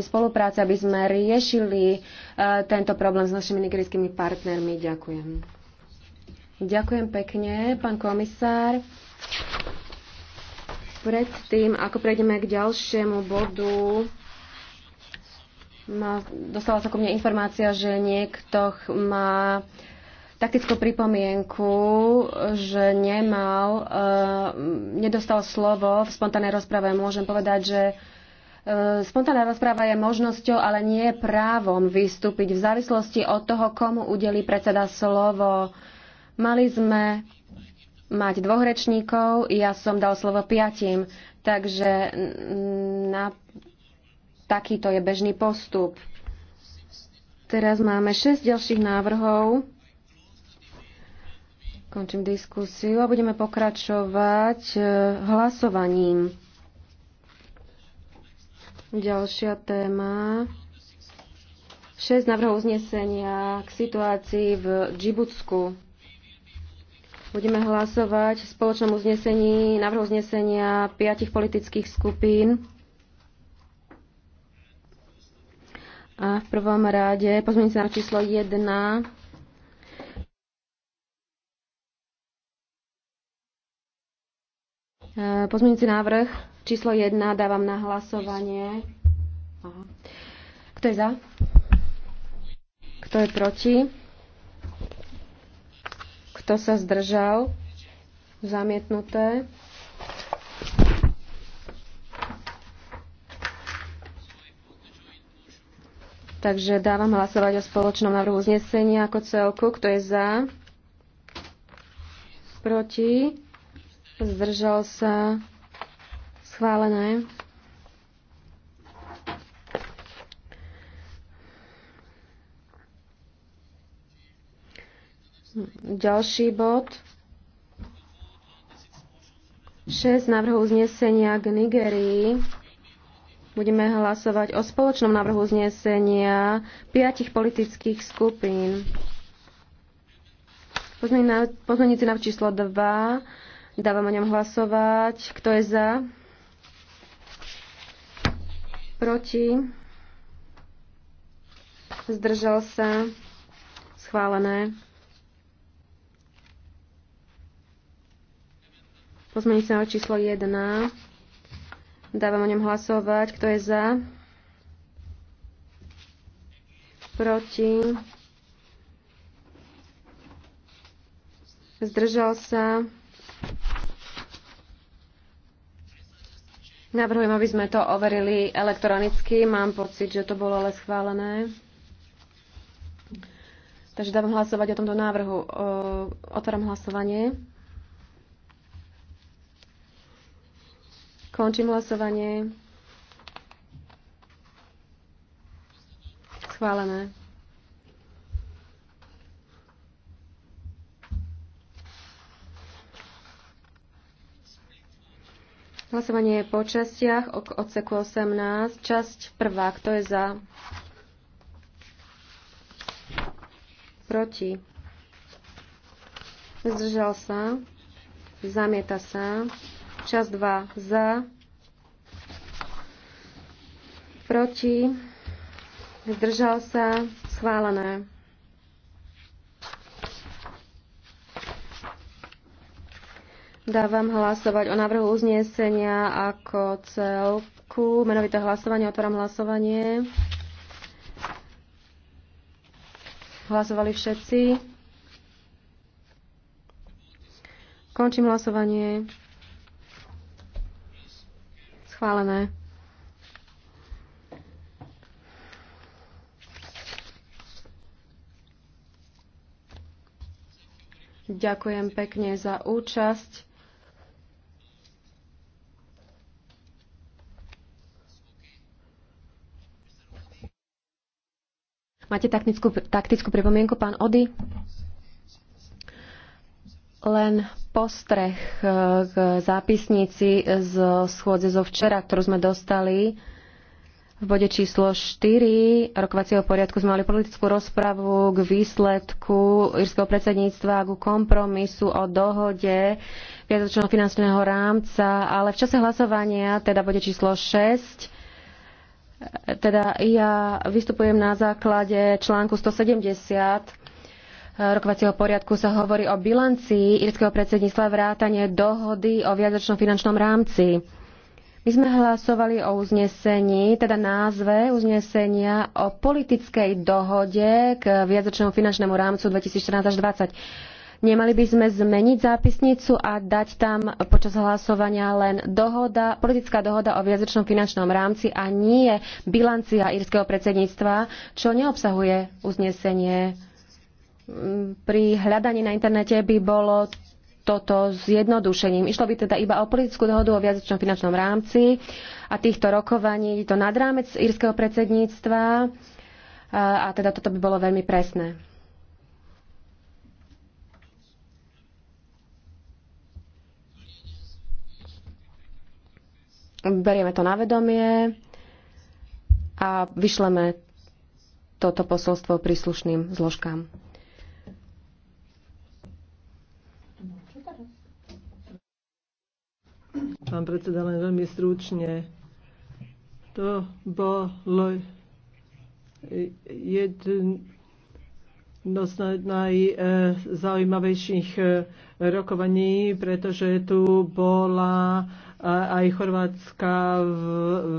spolupráce, aby sme riešili e, tento problém s našimi nigerijskými partnermi. Ďakujem. Ďakujem pekne, pán komisár. Predtým, ako prejdeme k ďalšiemu bodu, ma, dostala sa ku mne informácia, že niekto má taktickú pripomienku, že nemal, uh, nedostal slovo v spontánnej rozprave. Môžem povedať, že E, spontánna rozpráva je možnosťou, ale nie právom vystúpiť v závislosti od toho, komu udelí predseda slovo. Mali sme mať dvoch rečníkov, ja som dal slovo piatim, takže na, takýto je bežný postup. Teraz máme šesť ďalších návrhov. Končím diskusiu a budeme pokračovať e, hlasovaním. Ďalšia téma. 6 návrhov uznesenia k situácii v Džibutsku. Budeme hlasovať v spoločnom uznesení, návrhu uznesenia piatich politických skupín. A v prvom rade pozmeňujúci na číslo 1 Eh, pozmeňujúci návrh číslo 1 dávam na hlasovanie. Aha. Kto je za? Kto je proti? Kto sa zdržal? Zamietnuté. Takže dávam hlasovať o spoločnom návrhu uznesenia ako celku. Kto je za? Proti? Zdržal sa. Schválené. Ďalší bod. 6 návrhu uznesenia k Nigerii. Budeme hlasovať o spoločnom návrhu uznesenia piatich politických skupín. Pozmeňujúci návrh číslo 2 Dávam o ňom hlasovať. Kto je za? Proti? Zdržal sa? Schválené. Pozmení sa o číslo 1. Dávam o ňom hlasovať. Kto je za? Proti? Zdržal sa? Navrhujem, aby sme to overili elektronicky. Mám pocit, že to bolo ale schválené. Takže dávam hlasovať o tomto návrhu. Otváram hlasovanie. Končím hlasovanie. Schválené. Hlasovanie je po častiach ok, odseku 18. Časť prvá. Kto je za? Proti. Zdržal sa. Zamieta sa. Časť 2. Za. Proti. Zdržal sa. Schválené. Dávam hlasovať o návrhu uznesenia ako celku. Menovité hlasovanie, otváram hlasovanie. Hlasovali všetci. Končím hlasovanie. Schválené. Ďakujem pekne za účasť. Máte taktickú, taktickú pripomienku, pán Ody? Len postreh e, k zápisnici z schôdze zo včera, ktorú sme dostali. V bode číslo 4 rokovacieho poriadku sme mali politickú rozpravu k výsledku írskeho predsedníctva, ku kompromisu o dohode viacročného finančného rámca, ale v čase hlasovania, teda bode číslo 6, teda ja vystupujem na základe článku 170 rokovacieho poriadku sa hovorí o bilancii írskeho predsedníctva vrátane dohody o viacročnom finančnom rámci. My sme hlasovali o uznesení, teda názve uznesenia o politickej dohode k viacročnému finančnému rámcu 2014 až 2020. Nemali by sme zmeniť zápisnicu a dať tam počas hlasovania len dohoda, politická dohoda o viacročnom finančnom rámci a nie bilancia írskeho predsedníctva, čo neobsahuje uznesenie. Pri hľadaní na internete by bolo toto zjednodušením. Išlo by teda iba o politickú dohodu o viacročnom finančnom rámci a týchto rokovaní, to nad rámec írskeho predsedníctva a teda toto by bolo veľmi presné. berieme to na vedomie a vyšleme toto posolstvo príslušným zložkám. Pán predseda, len veľmi stručne. To bolo jedno z najzaujímavejších eh, rokovaní, pretože tu bola aj chorvátska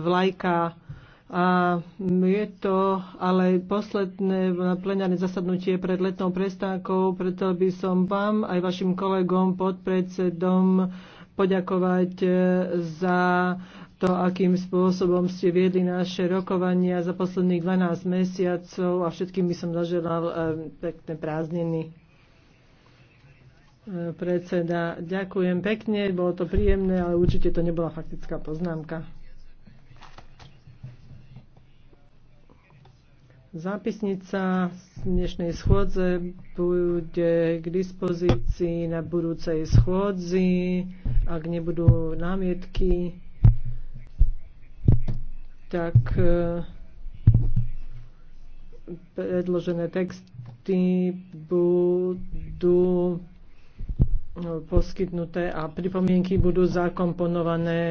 vlajka. A je to ale posledné plenárne zasadnutie pred letnou prestávkou, preto by som vám aj vašim kolegom podpredsedom poďakovať e, za to, akým spôsobom ste viedli naše rokovania za posledných 12 mesiacov a všetkým by som zaželal e, pekné prázdniny predseda. Ďakujem pekne, bolo to príjemné, ale určite to nebola faktická poznámka. Zápisnica z dnešnej schôdze bude k dispozícii na budúcej schôdzi, ak nebudú námietky tak eh, predložené texty budú poskytnuté a pripomienky budú zakomponované